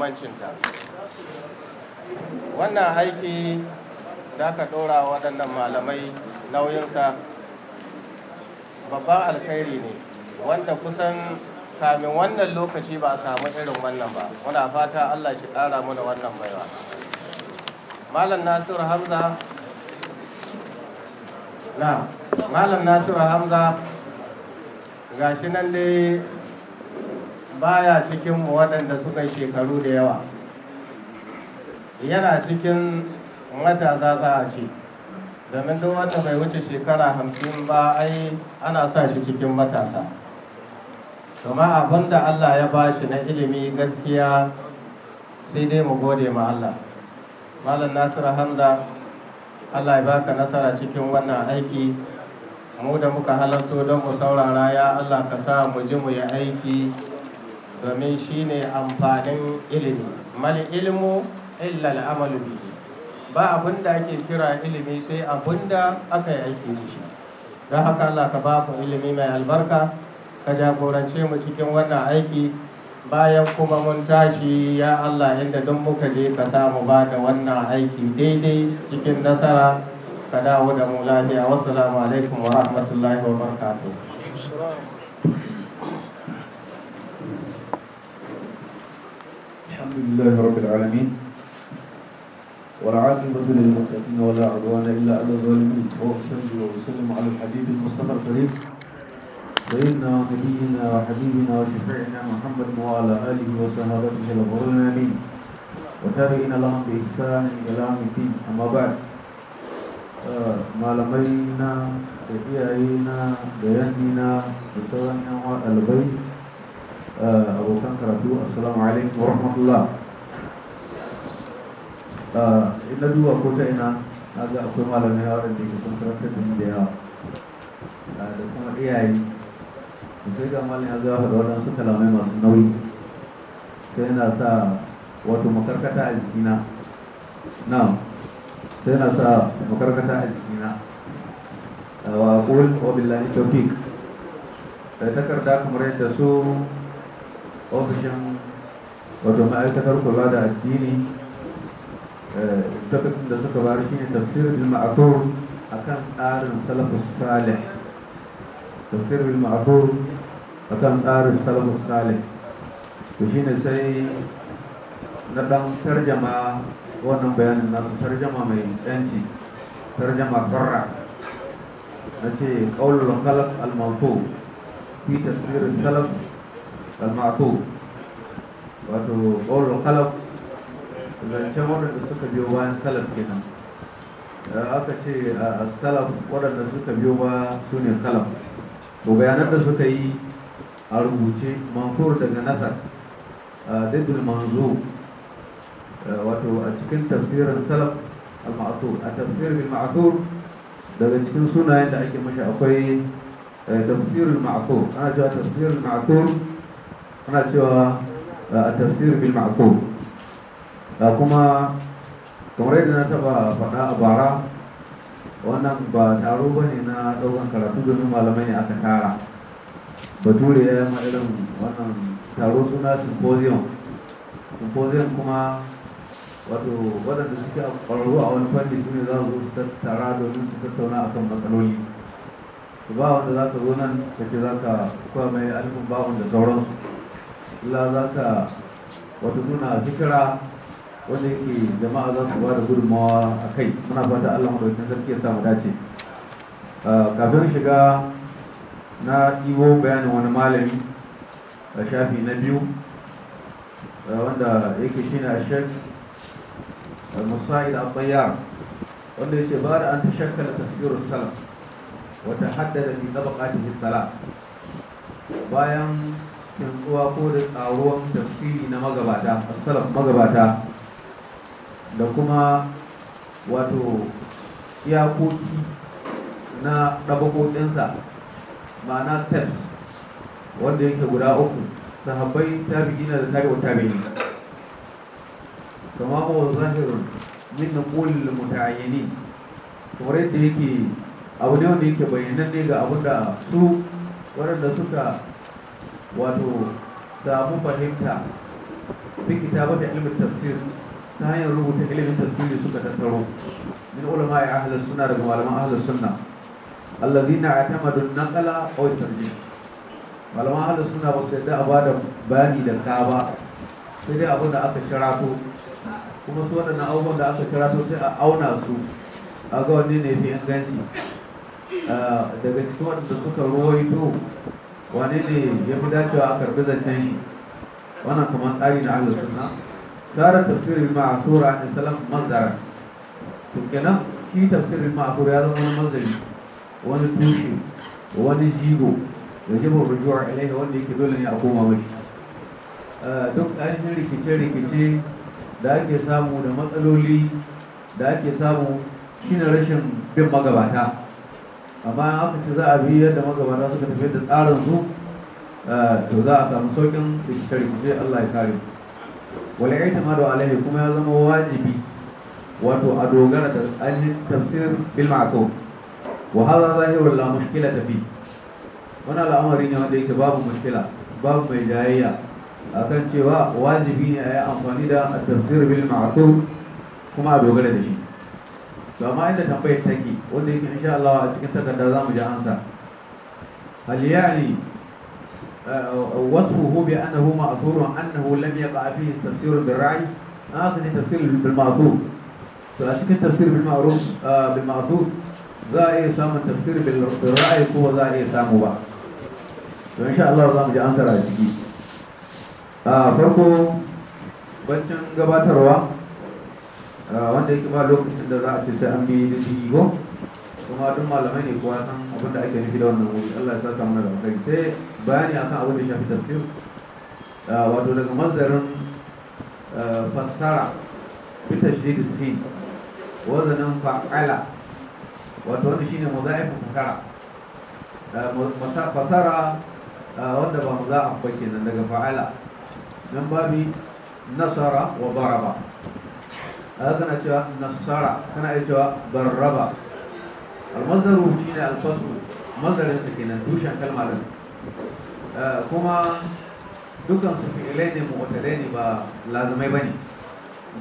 muhimmancinta wannan haiki da aka ɗora waɗannan malamai nauyinsa babban alkhairi ne wanda kusan kamin wannan lokaci ba a samu irin wannan ba muna fata allah shi ƙara mana wannan baiwa malam nasiru hamza na malam nasiru hamza gashi nan dai baya cikin waɗanda suka shekaru da yawa yana cikin matasa za a ce domin duk wanda bai wuce shekara hamsin ba ai ana sa shi cikin matasa kuma abin da allah ya ba shi na ilimi gaskiya sai dai mu gode ma allah malam Nasiru hamza allah ya baka nasara cikin wannan aiki mu da muka halarto don mu saurara ya allah ka sa mu ji mu yi aiki domin shi ne amfanin ilimi mal ilmu illa al'amalu bihi ba abin da ake kira ilimi sai abin da aka yi aiki da shi don haka Allah ka ba ku ilimi mai albarka ka jagorance mu cikin wannan aiki bayan kuma mun tashi ya Allah inda don muka je ka samu ba da wannan aiki daidai cikin nasara ka dawo da mu lafiya wassalamu alaikum wa rahmatullahi wa barakatuh الحمد لله رب العالمين والعاقبة للمتقين ولا عدوان إلا على الظالمين وأصلي وأسلم على الحبيب المصطفى الكريم سيدنا ونبينا وحبيبنا وشفيعنا محمد وعلى آله وصحابته الغر الأمين وتابعين لهم بإحسان إلى يوم الدين أما بعد آه، ما لمينا da iyayena da yannina da Eh, abokan karatu assalamu alaikum warahmatullah eh, ina duba ko ta ina na ga akwai malamai yawarin da ke sun karanta da mu da yawa eh, da kuma iyaye sai ga malam ya zafa da waɗansu kalamai masu nauyi sai yana sa wato makarkata a jikina na sai yana sa makarkata a jikina wa kul wa billahi Da takarda kamar yadda su ofishin wato ma'aikatar kula da addini tabbacin eh, da suka bari shine tafsirin ma'akur akan tsarin salafus salih tafsirin ma'akur akan tsarin salafus salih shi ne sai na dan tarjama wannan bayanin nasu tarjama mai tsanci tarjama farra na ce ƙaunar kalaf al-mautu fi tafsirin salaf al-ma'qub wato qawlul khalaf zancen waɗanda suka biyo bayan salaf kenan aka ce a salaf waɗanda suka biyo ba su ne salaf to bayanan da suka yi a rubuce mansur daga nasar daidul manzo wato a cikin tafsirin salaf al-ma'atur a tafsirin al daga cikin sunayen da ake mashi akwai eh, tafsirin ma'atur ana cewa tafsirin ma'atur ana cewa eh, a tafsir bil ma'qul eh, kuma kamar yadda na taba faɗa a bara wannan ba taro ba ne na ɗaukan karatu domin malamai ne aka tara bature ya yi irin wannan taro suna symposium symposium kuma wato waɗanda suke ƙwararru a wani fanni su ne za su tattara domin su tattauna akan matsaloli ba wanda za ka zo nan ka ce za ka kwa mai alifin babu da sauransu la za ka wata nuna zikira wanda yake jama'a za su ba da gudunmawa a kai muna fata allah maɗaukin sarki ya samu dace ah, kafin shiga na ɗibo bayanin wani malami a shafi na biyu ah, wanda yake shine a shek musa'id abbayyar wanda ya ce ba da an ta shakkala tafsirin salaf wata haddada fi tabaqatihi salat bayan yanzuwa ko da tsaruwan tafsiri na magabata salaf magabata da kuma wato iyakoki na ɗabakokinsa ma'ana steps wanda yake guda uku sahabbai tabi'ina da tabi'u tabi'in kama ba zahirun min kolin mutayeni kamar yadda yake abu ne wanda yake ne ga abin da su waɗanda suka wato samu fahimta fi kitabar da ilimin tafsir ta hanyar rubuta ilimin tafsiri suka tattaro min ulama ya ahli sunna daga malaman ahli sunna allazina atamadu naqala aw tarjih malaman ahli sunna ba su yadda a bada bayani da ka sai dai abin da aka shirato kuma su waɗannan abubuwan da aka shirato sai a auna su a ga wani ne fi inganci ah, daga cikin waɗanda suka ruwaito wani ne ya fi dacewa a karbi zancen shi wannan kuma tsari na ahlus sunna tsara tafsirin ma'asura ne salam manzara to kenan shi tafsirin ma'asura ya zama wani manzari wani tushe wani jigo da jibin rujuwar ilaihi wanda yake dole ne a koma mai eh, duk ainihin rikice-rikice da ake samu da matsaloli da ake samu shi na rashin bin magabata amma aka ce za a bi yadda magabata suka tafi da tsarin su eh, to za a samu saukin rikice-rikice Allah ya kare wal i'timadu alaihi kuma ya zama wajibi wato a dogara da ainihin tafsir bil ma'qul wa hadha zahirul la mushkila tafi. wannan al'amari ne wanda yake babu mushkila babu mai jayayya akan cewa wajibi ne a yi amfani da tafsir bil ma'qul kuma a dogara da shi zama inda tambayar take wanda oh, yake insha Allah a cikin takarda za mu ji ansa hal ya'ni uh, wasfuhu bi annahu ma'thur wa annahu lam yaqa fi tafsir bil ra'y akhir ah, tafsir bil ma'thur to a cikin tafsir bil ma'ruf uh, za a iya samun tafsir bil ra'y ko za a iya samu ba to insha Allah za mu ji ansa a ciki farko baccin gabatarwa wanda yake ba lokacin da za a cinta an bi da shi ko kuma duk malamai ne kuwa san abin da ake nufi da wannan wuri Allah ya saka mana da kai sai bayani akan abin da ya shafi tafsir ah, wato daga mazarin ah, fassara shi da sin wazanin fa'ala wato wanda shine muzaifu fasara ah, fasara wanda ba mu za a kenan daga fa'ala nan babi nasara wa baraba هذا cewa أتوا kana كان cewa بربا المصدر rubuci شيء الفصل mazarin سكينة دوشة كلمة لنا آه dukkan su fi'ilai ne mu'tadai ne ba lazumai bane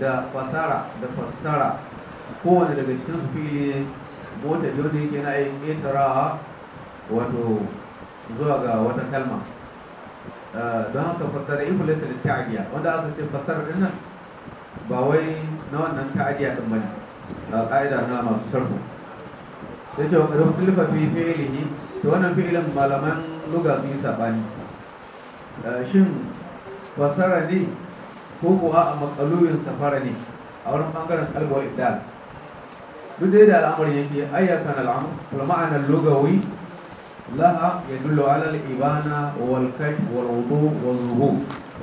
da fasara da fasara kowane daga cikin su ne mota jirgin yake na yin ƙetarawa wato zuwa ga wata kalma don haka fassara in fulisa da wanda aka ce fassara dinnan nan ba wai na wannan ta'adiyya din bane ga ƙa'ida na masu sharhu sai ce wa kulfa fi fi'ilihi to wannan fi'ilin malaman luga sun yi sabani eh, shin fasara ne ko kuwa a makaluyin safara ne a wurin ɓangaren kalbuwa ibdal duk da al'amarin yake ayyakan al'amur ma'anar lugawi لها يدل على الإبانة والكشف والوضوء والظهور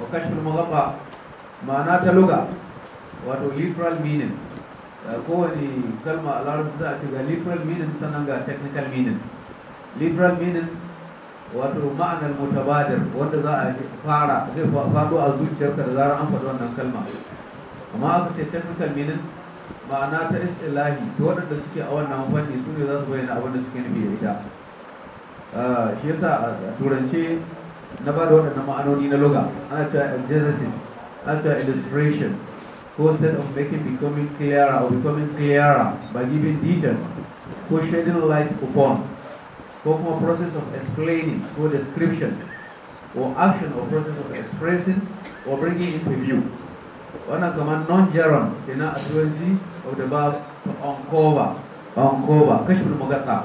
وكشف ma'ana ta لغة wato literal meaning uh, kowane kalma a larabci za a ce ga literal meaning sannan ga technical meaning literal meaning wato ma'anar mutabadir wanda za a fara zai fado a zuciyarka da zarar an faɗi wannan kalma amma aka ce technical meaning ma'ana ta istilahi ta waɗanda suke a wannan fanni su ne za su bayyana abin da suke nufi da ita uh, shi yasa a turance na ba da waɗannan ma'anoni na loga ana cewa exegesis ana cewa illustration instead of making becoming clearer or becoming clearer by giving details who shedding light upon or a process of explaining or description or action or process of expressing or bringing into view wannan command non jaron kenan a turanci of the bar on verb uncover uncover kashfin mugata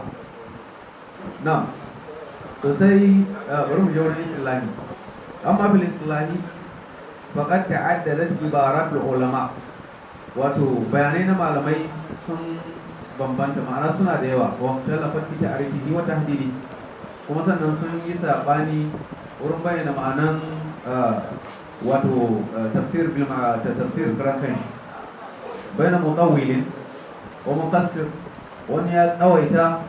now to say, sai bari mu je wurin islami amma bil islami faƙar ta'addadat ibarat ulama wato bayanai na malamai sun bambanta ma'ana suna da yawa wa talafat fi ta'rifihi wa tahdidi kuma sannan sun yi sabani wurin bayyana ma'anan eh, wato eh, tafsir bil tafsir karakan bayan mutawwilin wa muqassir wani ya tsawaita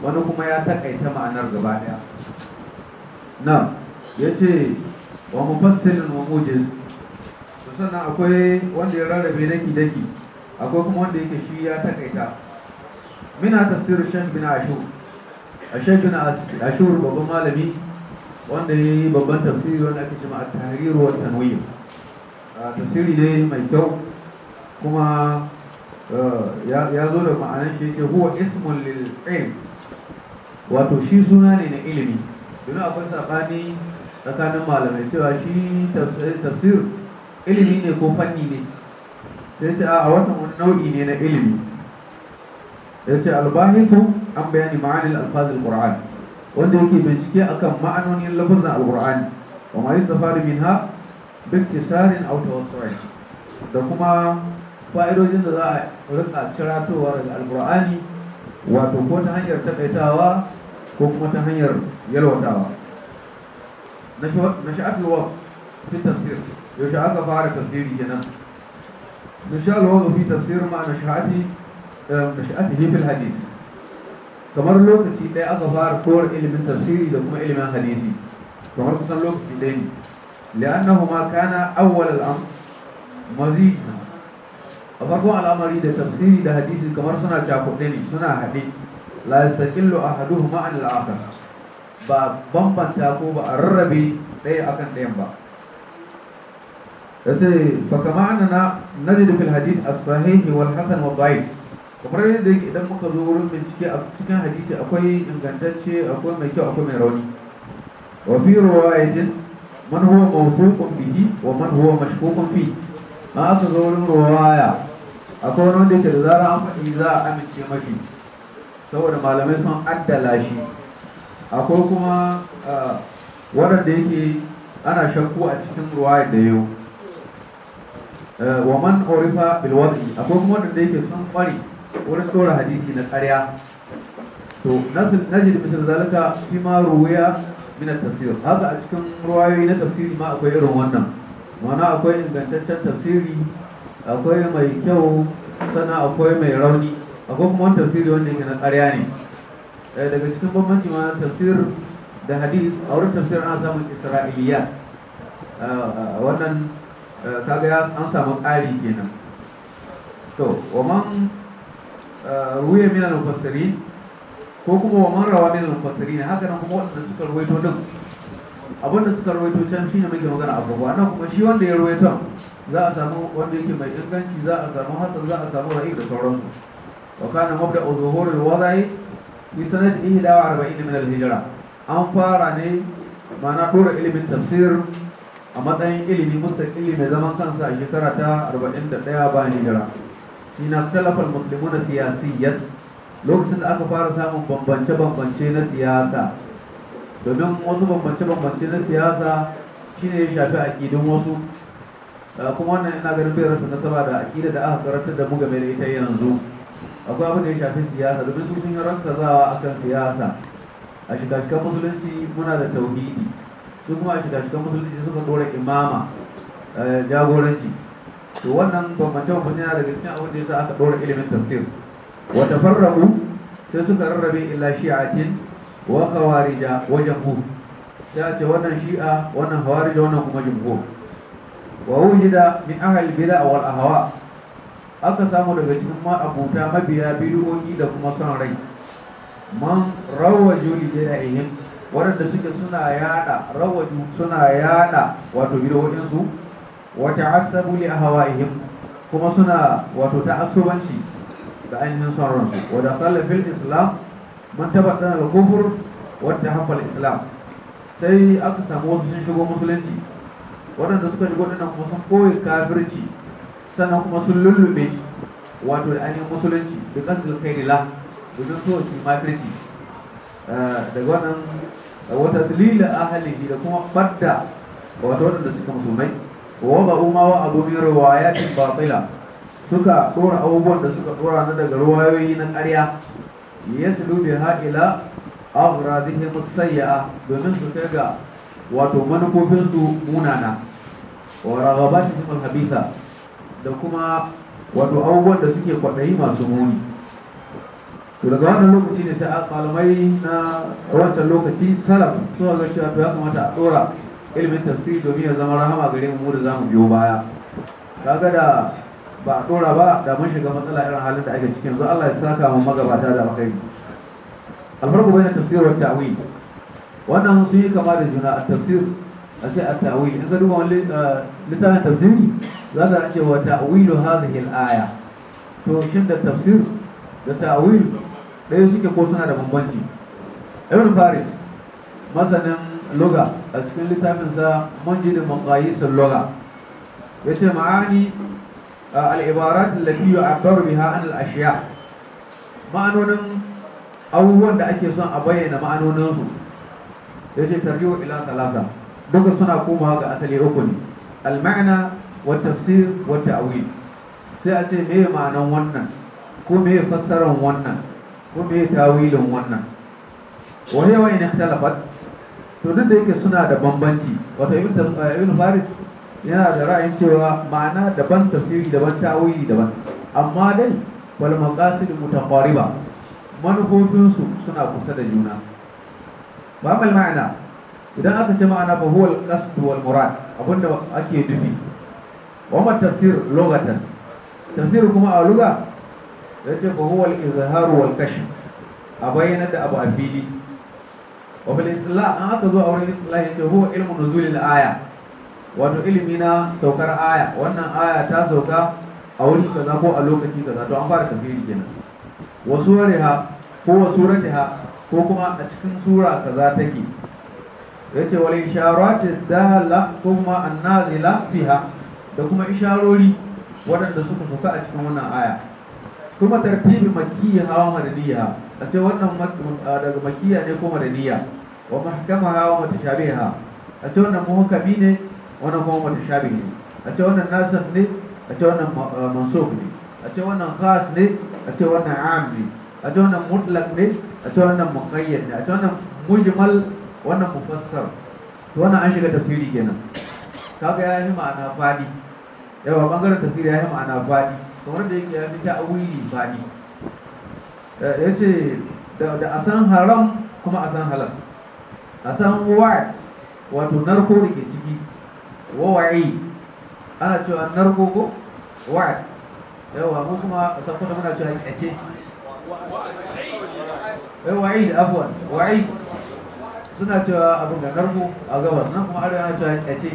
wani kuma ya takaita ma'anar gaba daya na yace wa mufassirin wa mujiz sannan akwai wanda ya rarrabe daki daki akwai kuma wanda yake shi ya takaita mina tafsirin shan bin ashur ashur bin ashur babban malami wanda ya yi babban tafsiri wanda ake cewa a tahrir wa tanwir tafsiri ne mai kyau kuma eh, ya zo da ma'anar shi ke huwa ismun lil'in wato shi suna ne na ilimi domin akwai sabani tsakanin malamai cewa shi tafsir ilimi ne ko fanni ne sai ce a wani nau'i ne na ilimi Ya ce albahisu an bayani ma'anin alfazil qur'an wanda yake bincike akan ma'anonin lafazin alqur'ani wa ma yustafaru minha biktisarin aw tawassu'in da kuma fa'idojin da za a rika ciratowa daga alqur'ani wato ko ta hanyar takaitawa ko kuma ta hanyar yalwatawa na sha'atul wa fi tafsir yaushe aka fara tafsiri kenan nishal wazo fi tafsir ma nashati eh, nashati fil hadisi. kamar lokaci ɗaya aka fara kowar ilimin tafsiri da kuma ilimin hadisi kamar kusan lokaci ɗaya ne li'annahuma kana awwal al-amr mazina a farkon al'amari da tafsiri da hadisi kamar suna cakuɗe ne suna haɗe la yastaqillu ahaduhuma an al-akhar ba bambanta ko ba a rarrabe ɗaya akan ɗayan ba yace fakama نجد في الحديث الصحيح والحسن والضعيف kamar yadda yake idan muka zo wurin bincike a cikin hadisi akwai ingantacce akwai mai kyau akwai mai rauni wa fi riwayatin man huwa mawthuqun bihi wa man huwa mashkukun fi ma aka zo wurin riwaya akwai wani wanda yake da zara an faɗi za a amince mashi saboda malamai sun addala shi akwai kuma waɗanda yake ana shakku a cikin ruwaya da yau Eh, wa man urifa bil wadi akwai kuma wanda yake son kwari wani tsora hadisi na ƙarya to najid misal zalika fi ma ruwaya min at-tafsir haka a cikin ruwayoyi na tafsiri ma akwai irin wannan mana akwai ingantaccen tafsiri akwai mai kyau sana akwai mai rauni akwai kuma wani tafsiri wanda yake na ƙarya ne eh, daga cikin bambanci ma tafsir da hadith a wurin tafsir ana samun isra'iliya eh, wannan Eh, kaga an samu ƙari kenan to wa man eh, ruya min al ko kuma wa man rawa minan al ne haka nan kuma wanda suka ruwaito din abin da suka ruwaito can shine muke magana a wannan kuma shi wanda ya ruwaito za a samu wanda yake mai inganci za a samu hasan za a samu ra'i da sauransu wa kana mabda'u zuhur al-wada'i bi sanad 40 min al-hijra an fara ne ma'ana dora ilimin tafsir a matsayin ilimi mustaƙili mai zaman kansa a shekara ta 41 bayan hijira ina talafar musulmi na siyasiyyar lokacin da aka fara samun bambance-bambance na siyasa domin wasu bambance-bambance na siyasa shine ya shafi aƙidin wasu kuma wannan ina ganin bai rasa nasaba da aƙida da aka karantar da mu game da ita yanzu akwai abin da ya shafi siyasa domin su sun yi rankazawa akan siyasa a shiga musulunci muna da tauhidi su kuma a shiga shigan musulunci suka dora imama eh, jagoranci to wannan bambance bambance yana daga cikin abin da yasa aka dora ilimin tafsir wa tafarraqu sai suka rarrabe illa shi'atin wa qawarija wa jamhur Ya ce wannan shi'a wannan hawarija wannan kuma jumhur wa wujida min ahal bid'a wal hawa? aka samu daga cikin ma abuta mabiya bid'o'i da kuma son rai man rawa juli bid'ihim waɗanda suke suna yada rawaju suna yada wato bidowoyinsu wata hasabu li ahawaihim kuma suna wato ta'assubanci da ainihin son ransu Wadda tsalle fil islam mun tabaddana al kufur wa tahabba al islam sai aka samu wasu sun shigo musulunci waɗanda suka shigo dinnan kuma sun koyi kafirci sannan kuma sun lullube wato da ainihin musulunci da bi qasdil da domin so su mafirci Ah, daga wannan wata dalila ahalihi da kuma fadda wato wadanda suka musulmai wa ba umma wa abu min riwayatin batila suka dora abubuwan da suka dora na daga ruwayoyi na ƙarya yaslu biha ila agradihim sayya'a domin su kai ga wato manufofin su munana wa raghabatihim habisa, da kuma wato abubuwan da suke kwaɗayi masu muni daga wannan lokaci ne sai malamai na wancan lokaci salaf suka ga cewa to ya kamata a tsora ilimin tafsiri domin ya zama rahama gare mu da zamu biyo baya kaga da ba a tsora ba da mun shiga matsala irin halin da ake cikin yanzu Allah ya saka mu magabata da alkhairi alfarko bayan tafsir wa ta'wil wannan sun yi kama da juna a tafsir a sai a ta'wil in ka duba wani eh, littafin tafsiri za ka ce wa ta'wilu hadhihi al-aya to shin da tafsir da ta'wil ɗaya suke ko suna da bambanci ibn faris masanin loga a cikin littafinsa manjidin maqayisul loga ya ce ma'ani al'ibarat allati yu'abbaru biha an al-ashiya ma'anonin abubuwan da ake son a bayyana ma'anoninsu ya ce tarjiu ila salasa duka suna komawa ga asali uku ne al-ma'na wa tafsir wa ta'wil sai a ce meye ma'anan wannan ko meye fassarar wannan ko tawilin wannan Wani hiya wa talafat to duk da yake suna da bambanci wata eh, ibn faris yana da ra'ayin cewa ma'ana daban tafsiri daban tawili daban amma dai wal maqasid mutaqariba manufofinsu suna kusa da juna ba mai ma'ana idan aka ce ma'ana ba huwa al-qasd wal murad abinda ake dubi wa ma tafsir lugatan tafsir kuma a luga yace fa huwa al-izhar wal kashf a bayyana da abu a fili wa bil islah an aka zo a wurin islah yace huwa ilmu nuzulil aya wato ilimi na saukar aya wannan aya ta sauka a wuri kaza ko a lokaci kaza to an fara tafsiri kenan wa suratiha ko wa suratiha ko kuma a cikin sura kaza take yace wal isharatu dala ko kuma annazila fiha da kuma isharori waɗanda suka fuka a cikin wannan aya kuma tartibin makiyya hawa madaniya a ce wannan daga makiyya ne ko madaniya wa mahkama hawa ha a ce wannan muhkami ne wannan kuma mutashabi ne a ce wannan nasar ne a ce wannan mansub ne a ce wannan khas ne a ce wannan am ne a ce wannan mutlak ne a ce wannan muqayyad ne a ce wannan mujmal wannan mufassar to wannan an shiga tafsiri kenan kaga ya yi ma'ana fadi yawa bangaren tafsiri ya yi ma'ana fadi kamar da yake ya ta awili ba ne eh, ya ce da a san haram kuma a san halal a san wa wato narko da ke ciki wawa'i ana cewa narko ko wa yawa ko kuma a san kuma muna cewa kyace eh, wa'i da afuwan wa'i suna cewa abin da narko a gabas nan kuma arewa ana cewa ce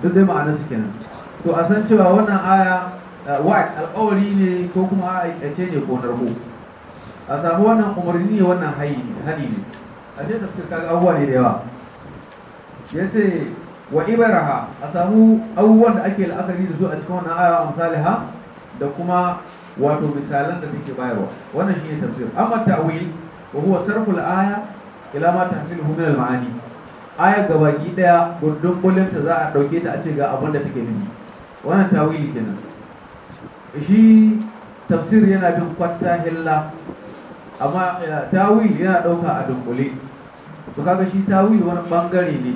duk dai ma'anar su kenan to a san cewa wannan aya Eh, wa'ad alƙawari ne ko kuma aikace ne ko narko a samu wannan umarni ne wannan hani ne a ce ta fuskar abubuwa ne da yawa ya ce wa ibaraha a samu abubuwan da ake la'akari da su a cikin wannan aya ha da kuma wato misalan da suke bayarwa wannan shi ne tafsir amma ta'wil wa huwa sarfu aya ila ma tahsiluhu min maani aya gabaki daya gurdun kullum ta za a dauke ta a ce ga abin da take nufi wannan tawili kenan shi tafsir yana bin kwanta hilla amma eh, tawil yana ɗauka a dunkule to kaga shi tawil wani bangare ne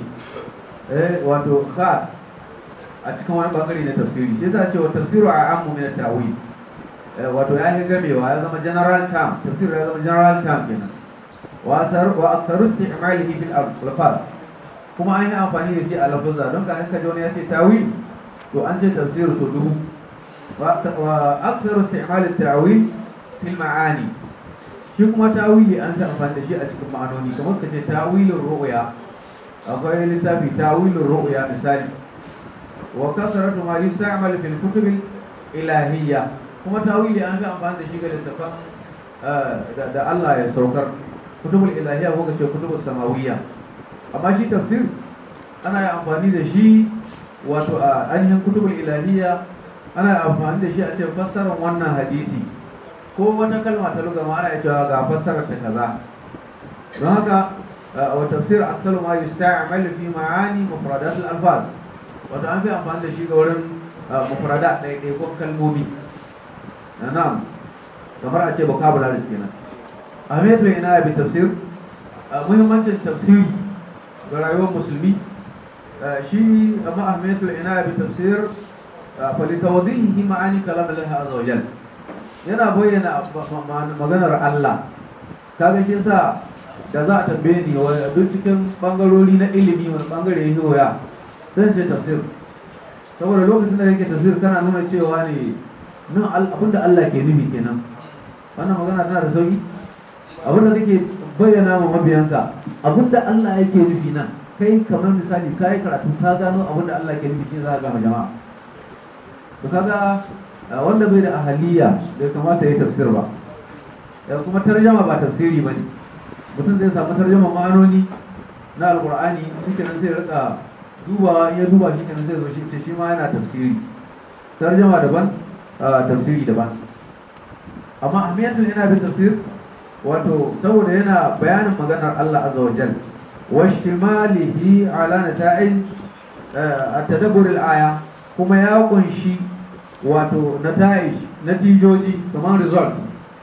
eh wato khas a cikin wani bangare na tafsiri shi za cewa tafsiru a ammu min tawil eh, wato ya yi gamewa ya zama general term tafsiru ya zama general term kenan wa asar wa aktaru istimalihi bil alfaz kuma an yi amfani da shi a lafuzza don ka hanka wani ya ce tawil to an ce tafsiru so dubu وأكثر استعمال التعويل في المعاني shi kuma tawili an ta amfani da shi a cikin ma'anoni kamar ka ce tawilin ru'ya akwai littafi tawilin ru'ya misali wa kasaratu ma yusta'mal fil kutub ilahiyya kuma an amfani da shi ga da Allah ya saukar kutubul ilahiyya ko ka kutubul samawiyya amma shi tafsir ana amfani da shi wato a ainihin kutubul ilahiya ana amfani da shi a ce fassarar wannan hadisi ko wata kalma ta luga ma ana yi cewa ga fassarar ta kaza don haka wa tafsir aktalu ma yi yusta'mal fi ma'ani mufradat al-alfaz wato an fi amfani da shi ga wurin mufradat ɗaya ɗaya ko kalmomi nan, kamar a ce ba da vocabulary kenan ahmedu ina bi tafsir muhimmancin tafsiri ga rayuwar musulmi shi amma ahmedu ina bi tafsir فلتوضيحه معاني كلام الله عز وجل yana bayyana maganar Allah kaga shi yasa da za a tambaye ni wa duk cikin bangarori na ilimi wani bangare yake waya zan ce tafsir saboda lokacin da yake tafsir kana nuna cewa ne nan abinda Allah ke nufi kenan wannan magana tana da sauki abinda kake bayyana ma mabiyanka abinda Allah yake nufi nan kai kamar misali kai karatu ka gano abinda Allah ke nufi za ka gama jama'a to kaga wanda bai da ahaliya bai kamata ya tafsir ba kuma tarjama ba tafsiri ba ne mutum zai samu tarjama ma'anoni na alkur'ani shi nan sai rika dubawa in ya duba shi kenan zai zo shi ce shi ma yana tafsiri tarjama daban tafsiri daban amma ahmiyatul yana bin tafsir wato saboda yana bayanin maganar Allah azza wa jalla wa ishtimalihi ala nata'ij at-tadabbur al-aya kuma ya kunshi wato nata'ij natijoji kamar result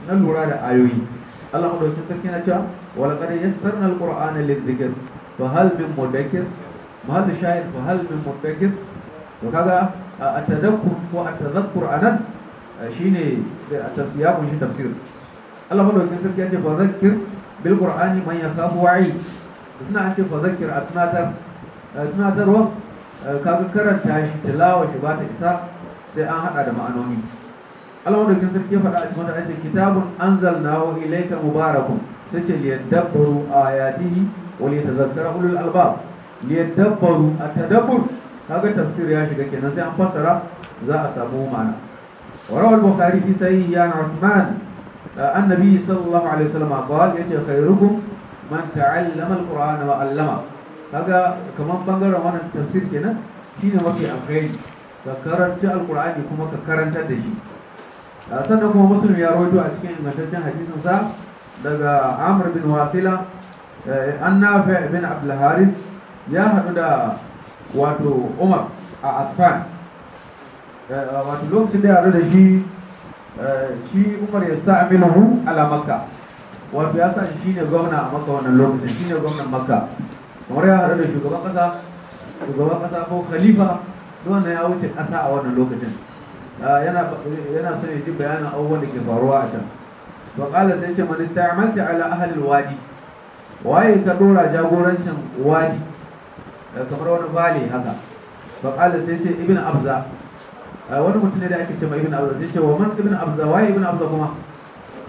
na lura da ayoyi Allah madaukakin sarki na cewa wala qad yassarna alqur'ana qurana fa hal min mudakkir mahal shayr fa hal min mudakkir to kaga at ko at-tadhakkur anan shine tafsiya ko shi tafsir Allah madaukakin sarki ya ce fa zakir bil qur'ani man yakhafu wa'i ina ce fa atnadar atnadar wa kaga karanta shi tilawa shi ba ta isa sai an haɗa da ma'anoni Allah wanda kin sarki ya faɗa a cikin wanda ake kitabun anzalnahu ilayka mubarakun tace liyadabbaru ayatihi wa liyatadhakkara ulul albab liyadabbaru a tadabbur kaga tafsir ya shiga kenan sai an fassara za a samu ma'ana وروى البخاري في سيئة عن عثمان النبي صلى الله عليه وسلم قال يتي خيركم من تعلم القرآن وعلمه kaga kamar bangaren wannan tafsir kenan shine mafi alkhairi ka karanta alkur'ani kuma ka karanta da shi sannan kuma musulmi ya rawaito a cikin ingantaccen hadisin sa daga amr bin wasila eh, an nafi bin abdul ya hadu da wato umar a asfan eh, wato lokacin da ya hadu da shi eh, shi umar ya sa aminu ala makka wato ya sa shi ne gwamna a makka wannan lokacin shi ne gwamnan makka kamar ya hadu da shugaban kasa shugaban kasa ko khalifa wannan ya wuce ƙasa a wannan lokacin ah, yana son ya ji bayanin abubuwan da ke faruwa a can to ƙala sai ce man ista'malta ala ahlil wadi waye ka dora jagorancin wadi kamar wani bale haka to ƙala sai ce ibn abza ah, wani mutum ne da ake ce ma ibn abza sai ce wa man ibn abza waye ibn abza kuma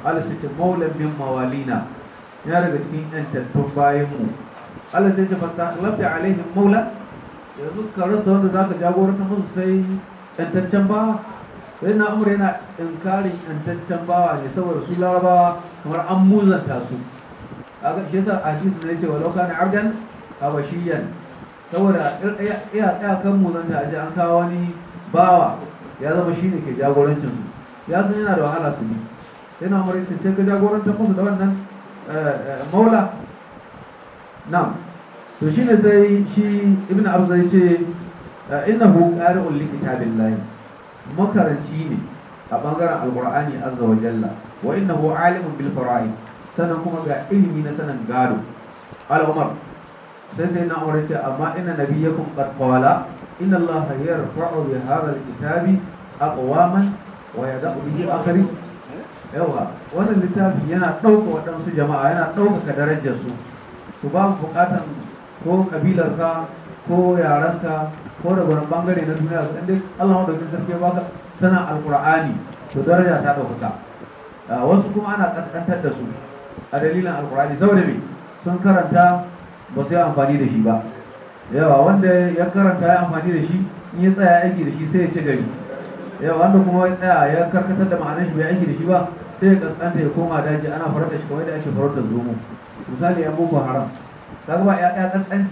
ƙala sai ce maulan min mawalina ya daga cikin yantattun bayan mu Allah sai ce fasta lafta alaihim maula yanzu ka rasa wanda za ka jagoranta musu sai yantaccen ba sai na umar yana inkarin yantaccen bawa ne saboda su larabawa kamar an muzanta su a ga shi yasa a cikin ne cewa lauka na abdan habashiyan saboda iya kan muzanta a an kawo wani bawa ya zama shi ne ke jagorancin su ya san yana da wahala su ne. sai na umar yana ka jagorantar musu da wannan eh, eh, maula na'am to shi ne sai shi ibn abu zai ce innahu qari'un kitabin kitabillahi makaranci ne a bangaren alqur'ani azza wa jalla wa innahu alimun bil fara'id sannan kuma ga ilimi na sanin gado al sai sai na aure ce amma ina inna nabiyyakum qad qala inna allaha yarfa'u bi hadha al-kitabi aqwaman wa yada'u a akharin yawa wannan littafi yana ɗauka waɗansu jama'a yana ɗaukaka darajar su su ba buƙatar ko ƙabilarka, ko yarenka ko da wani bangare na duniya su ɗanɗe Allah da kin sarki baka Tana alƙur'ani to daraja ta ɗaukaka ah, wasu kuma ana ƙasƙantar da su a dalilin alƙur'ani saboda me sun karanta ba su yi amfani da shi ba yawa wanda ya karanta ya amfani da shi in ya tsaya aiki da shi sai ya ci gari yawa wanda kuma ya tsaya ya karkatar da ma'anar shi bai aiki da shi ba sai ya ƙasƙanta ya koma daji ana farar da shi kawai da ake farar da zomo misali yan boko haram kaga ba ƴaƴa kaskanci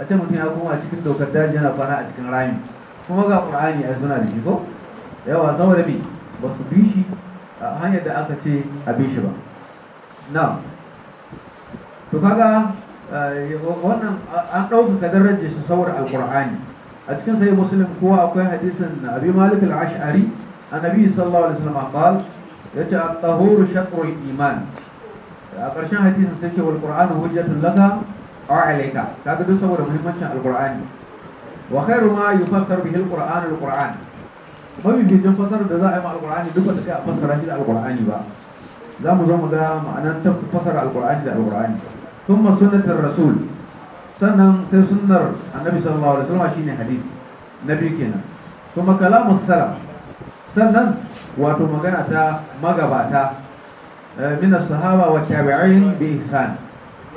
a ce mutum ya koma cikin dokar daji yana kwana a cikin rami kuma ga qur'ani ai suna da shi ko yawa saboda me ba su bi shi a hanyar da aka ce a bi shi ba na to kaga eh, wannan an ɗaukaka darajar shi saboda alqur'ani a cikin sai muslim kowa akwai hadisin abi malik al-ash'ari annabi sallallahu alaihi wasallam qala yace at-tahuru shatrul iman a ƙarshen hadisin sai ce wal qur'anu hujjatun laka aw ta ga duk saboda muhimmancin alqur'ani wa khairu ma yufassaru bihi alqur'an alqur'an mabibincin fasara da za a yi ma alqur'ani duk wanda kai a fassara shi da alqur'ani ba za mu zo mu ga ma'anar ta fasara alqur'ani da alqur'ani thumma sunnatur rasul sannan sai sunnar annabi sallallahu alaihi wasallam shine hadisi kenan kuma salam sannan wato magana ta magabata eh, min as-sahaba wa tabi'in bi ihsan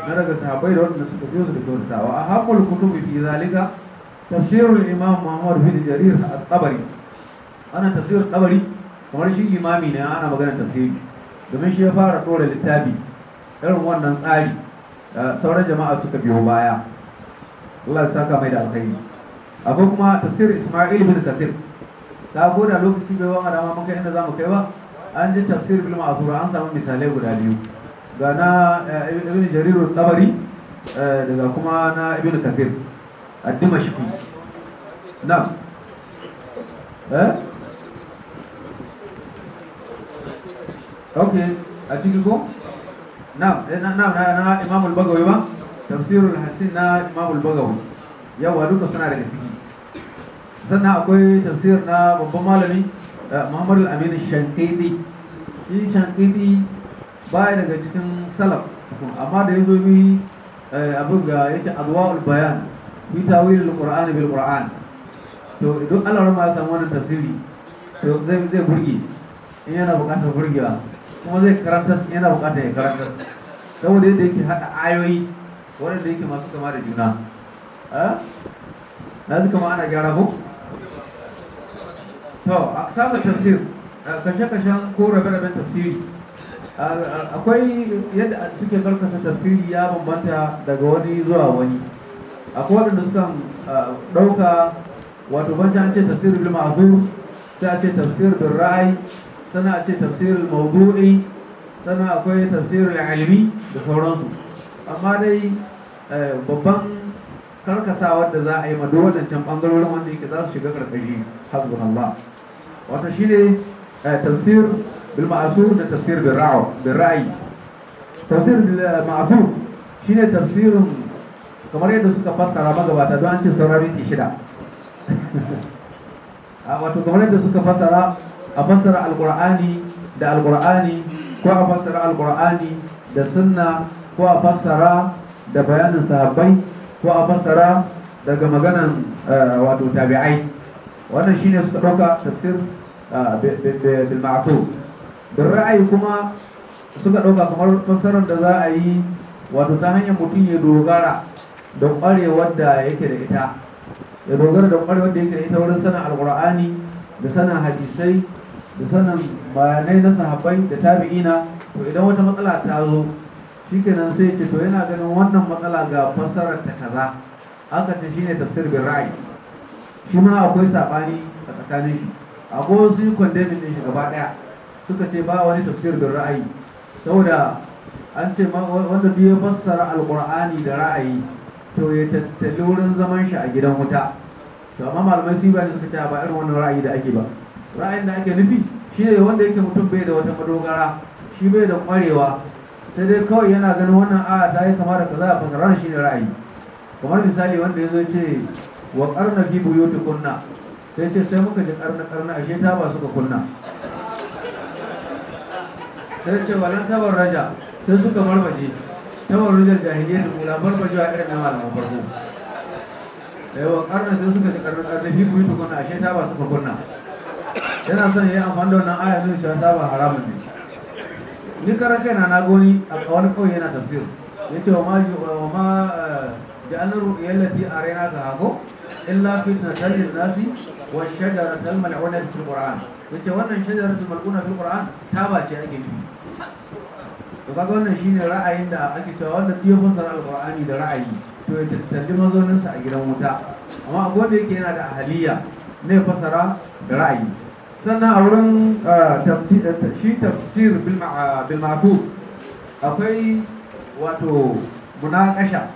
na daga sahabai da waɗanda suka biyo su da kyautawa a haƙul kutubi fi zalika tafsirul imam muhammad bin jarir al-tabari ana tafsirul tabari kamar shi imami ne ana magana tafsiri domin shi ya fara ɗora littafi irin wannan tsari sauran jama'a suka biyo baya Allah ya saka mai da alkhairi akwai kuma tafsir Isma'il bin kasir ta goda lokaci bai wa dama mun kai inda zamu kai ba an ji tafsir bil ma'thura an samu misalai guda biyu ga na eh, ibn jarir tabari eh, daga kuma na ibn kafir addima shiku na eh okay a cikin ko eh, na na na imam al-bagawi ba tafsirul hasin na imamul al-bagawi yawa duka suna daga ciki sannan akwai tafsir na babban malami muhammadu al-amin shankidi shi shankidi baya daga cikin salaf amma da ya zo bi eh, abin ga ya ce adwa'ul bayan bi tawilul qur'an bil qur'an to idan Allah ma ya samu wannan tafsiri to zai zai burge in yana bukatar burgewa kuma zai karanta in yana bukatar ya karanta saboda yadda yake hada ayoyi waɗanda yake masu kama da juna eh? na zika ma ana gyara ko to a samun tafsir kashe-kashen ko rabe-raben tafsiri akwai yadda suke karkasa tafsiri ya bambanta daga wani zuwa wani akwai waɗanda sukan ah, ɗauka wato banci an ce tafsirin bil ma'zur sai a ce tafsirin bil ra'ayi sannan a ce tafsirin al mawdu'i sannan akwai tafsir al ilmi da sauransu amma dai eh, babban karkasawar da za a yi ma duk waɗancan ɓangarorin wanda yake za su shiga karkashi hasbunallah wato shine eh, tafsir بالمعذور da tafsir birra'i tafsir ma'azur shi ne tafsirin kamar yadda suka fassara magabata don an ce sauran minti shida wato kamar yadda suka fassara a fassara alkur'ani da alkur'ani ko a fassara alkur'ani da sunna ko a fassara da bayanin sahabbai ko a fassara daga maganan wato tabi'ai wannan shine suka ɗauka tafsir bil ma'thur da ra'ayi kuma suka ɗauka kamar fassarar da za a yi wato ta hanyar mutum ya dogara da ƙwarewar da yake da ita ya dogara da ƙwarewar da yake da ita wurin sanin alƙur'ani da sanin hadisai da sanin bayanai na sahabbai da tabi'ina to idan wata matsala ta zo shikenan sai ce to yana ganin wannan matsala ga fassarar ta kaza aka ce shine tafsir bin ra'ayi shi akwai saɓani a tsakanin shi akwai wasu yi kwandemin ɗin shi gaba ɗaya suka ce ba wani tafsir da ra'ayi saboda an ce wanda biyu fassara alkur'ani da ra'ayi to ya tattali wurin zaman shi a gidan wuta to amma malamai su ba ne suka ce ba irin wannan ra'ayi da ake ba ra'ayin da ake nufi shi ne wanda yake mutum bai da wata madogara shi bai da kwarewa sai dai kawai yana ganin wannan a ta yi kama da kaza a fasarar shi ne ra'ayi kamar misali wanda ya zo ce wa karna fi ta kunna sai ce sai muka ji karna karna ashe ta ba suka kunna ta ce walan tabar raja sai suka marmaje tabar rajar jahiliya da kula marmaje a irin na malaman farko da yawan karnar sai suka ji karnar arziki ku yi tukuna ashe ta ba suka kunna yana son ya yi amfani da wannan aya nuna cewa ta ba haramun ne ni karan kaina na goni a wani kawai yana tafiyar ya ce wa ma eh, ja'alar ru'iyar lati a raina ga hago illa fitna talin nasi wa shajara talmal ulat fil qur'an yace wannan shajarar da mal'una fi qur'an ta bace ake nufi to kaga wannan shine ra'ayin da ake cewa wanda duk ya fassara da ra'ayi to ya tattalli mazoninsa a gidan wuta amma akwai wanda yake yana da ahaliya ne fassara da ra'ayi sannan a wurin shi tafsir bil akwai wato munakasha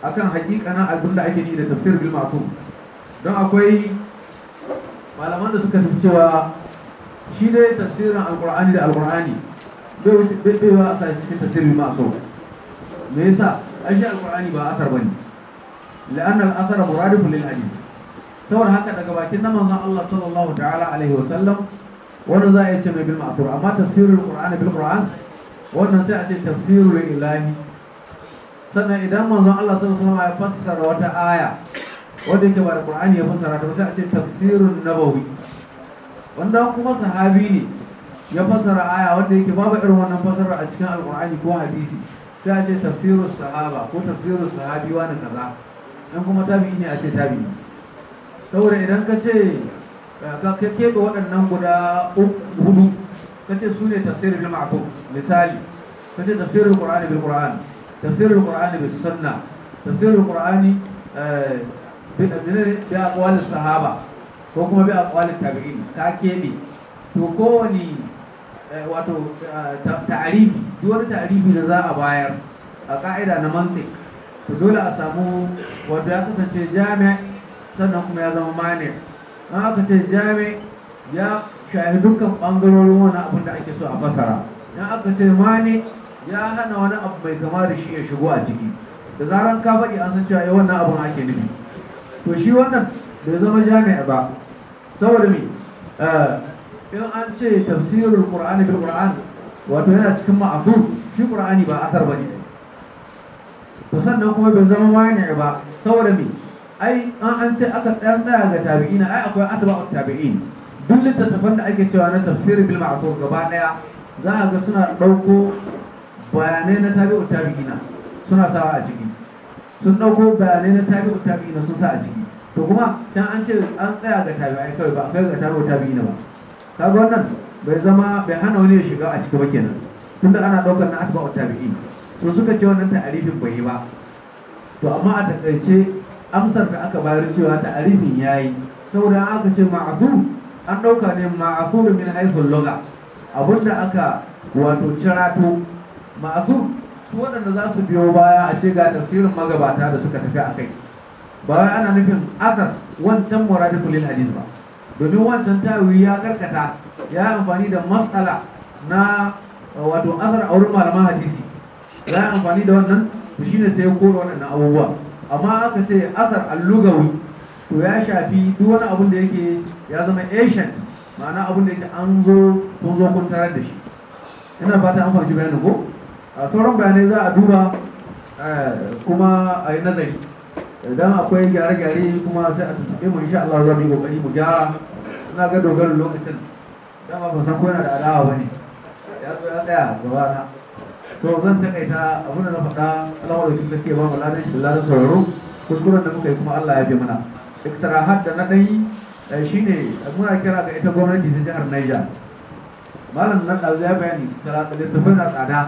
akan hakikanin abin da ake yi da tafsir bil don akwai malaman da suka tafi cewa shi ne tafsirin alkur'ani da alkur'ani bai wuce bai a sa cikin tafsirin ma so me yasa aje alkur'ani ba asar bane la'anna al-asara muradifun lil hadith saboda haka daga bakin nan manzon Allah sallallahu ta'ala alaihi wa sallam wanda za a yi ce mai bil ma'thur amma tafsirul qur'ani bil qur'an wannan sai a ce tafsirul ilahi sannan idan manzon Allah sallallahu alaihi wa sallam ya fassara wata aya wanda yake ba da qur'ani ya fassara ta sai a ce tafsirun nabawi wanda kuma sahabi ne ya fasara aya wanda yake babu irin wannan fasara a cikin alkur'ani ko hadisi sai a ce tafsiru sahaba ko tafsiru sahabi wani kaza dan kuma tabi ne a ce tabi saboda idan ka ce ka keɓe waɗannan guda hudu ka ce su ne tafsirin bil ma'qul misali ka ce tafsirin qur'ani bil qur'an tafsirin qur'ani bil sunna tafsirin qur'ani eh, bi aqwal sahaba ko kuma bi aqwalit tabi'in ka kebe to kowani eh, wato eh, ta'arifi duk wani ta'arifi da za a bayar a ka'ida na mantik to dole a samu wato ya kasance jami sannan kuma ya zama mani an aka ce jami ya shahi dukkan bangarorin wani abin da ake so a fasara in aka ce mani ya hana wani abu mai kama da shi ya shigo a ciki da zaran ka faɗi an san cewa eh, wannan abin ake nufi to shi wannan bai zama jami'a ba saboda me eh, in an ce tafsirul qur'ani bil qur'an wato yana cikin ma'azu shi qur'ani ba asar bane to sannan kuma bai zama wani ba saboda me ai an an ce aka tsayar tsaya ga tabi'ina ai akwai atba'ut tabi'in duk littattafan da ake cewa na tafsirin bil ma'azu gaba daya za a ga suna ɗauko bayanai na tabi'ut tabi'ina suna sawa a ciki sun ɗauko bayanai na tabi'ut tabi'ina sun sa a ciki to kuma can an ce an tsaya ga tabi'ai kawai ba kai ga taro tabi'i na ba Ta wannan bai zama bai hana wani ya shiga a ciki ba kenan tunda ana ɗaukar na asibawa tabi'i to suka ce wannan ta'arifin bai yi ba to amma a takaice amsar da aka bayar cewa ta'arifin yayi saboda aka ce ma'afu an ɗauka ne da min haythul loga abinda aka wato cirato ma'afu su waɗanda za su biyo baya a ce ga tafsirin magabata da suka tafi a kai ba wai ana nufin azar wancan muradifu lil hadis ba domin wancan tawi ya karkata ya amfani da matsala na uh, wato azar a wurin malaman hadisi ya amfani da wannan to shine sai ya kora wannan abubuwa amma aka ce azar allugawi to ya shafi duk wani abun da yake ya zama ancient ma'ana abun da yake an zo kun zo kun tarar da shi ina fata an fahimci bayanin ko a sauran bayanai za a duba eh, kuma a yi nazari idan akwai gyare-gyare kuma sai a tuntuɓe mu insha Allah za mu yi kokari mu gyara ina ga dogaro lokacin dama ba san ko yana da alawa bane ya zo ya tsaya gaba na to zan takaita abin da na faɗa alawar da ke ba mu ladan shi ladan sauraro kuskuren da muka yi kuma Allah ya bi mana iktirahat da na dai eh, shine muna kira ga ita gwamnati ta jihar Niger malam nan da ya bayani da littafin tsada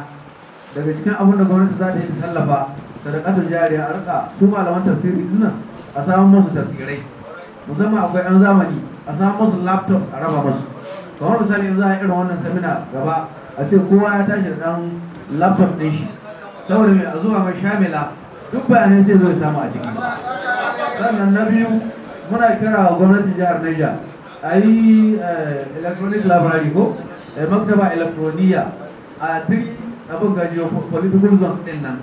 daga cikin abin da gwamnati za ta yi tallafa sadakatul jariya a rika su malaman tafsiri din nan a samun musu tafsirai musamman akwai yan zamani a samun masu laptop a raba musu kamar misali yanzu a irin wannan samina gaba a ce kowa ya tashi da dan laptop din shi saboda mai a zuwa mai shamila duk bayanai sai zai samu a ciki sannan na biyu muna kira wa gwamnatin jihar Niger a yi eh, electronic library ko eh, maktaba electroniya a duk abin gajiyar political zones din nan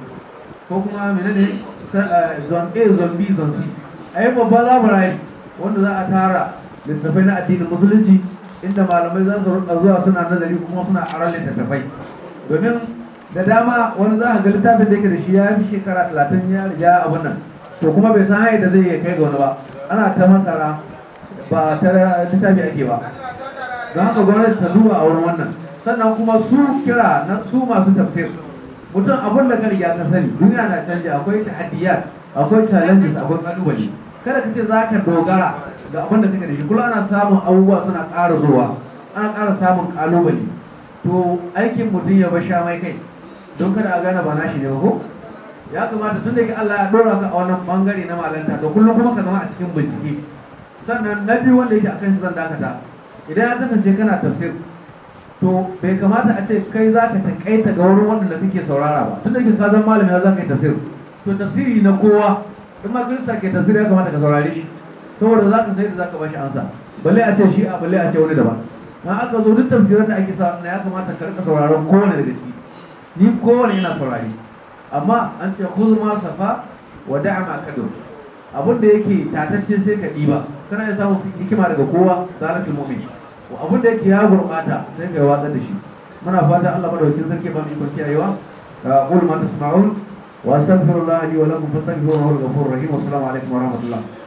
ko kuma menene ne zon a a yi babban labarai wanda za a tara littattafai na addinin musulunci inda malamai za su rinka zuwa suna nazari kuma suna aron littattafai domin da dama wani za a ga littafin da yake da shi ya fi shekara talatin ya riga abin nan to kuma bai san hanyar da zai kai ga wani ba ana ta masara ba ta littafi ake ba Za ka gwamnati ta duba a wurin wannan sannan kuma su kira na su masu tafsir mutum abin da kan ka sani duniya na canja akwai ta'adiyat akwai challenges akwai kalubale kada ka ce za ka dogara ga abin da kake da shi ana samun abubuwa suna ƙara zuwa ana ƙara samun kalubale to aikin mutum ya basha sha mai kai don kada a gane ba nashi ne ko ya kamata tun da ke Allah ya dora ka a wannan bangare na malanta to kullum kuma ka zama a cikin bincike sannan na biyu wanda yake akan zan dakata idan ya kasance kana tafsir to bai kamata a ce kai za ka taƙaita ga wurin waɗanda kake saurara ba tun da ke kazan malami za ka yi tafsir to tafsiri na kowa in ma kirista ke tafsiri ya kamata ka saurare shi saboda za ka sai da za ka bashi ansa balle a ce shi a balle a ce wani daban na aka zo duk tafsirar da ake sa na ya kamata ka rika sauraron kowane daga ciki ni kowane yana saurare amma an ce khudh ma safa wa da'a ma kadur abin da yake tatacce sai ka diba kana ya samu hikima daga kowa zalikul mu'min abin da yake ya gurbata, sai ga watsa da shi muna fata Allah madaukakin sarki ba mu ikon kiyayewa qul ma tasma'un wa astaghfirullahi wa lakum fastaghfiruhu huwal ghafurur rahim wa assalamu alaikum wa rahmatullahi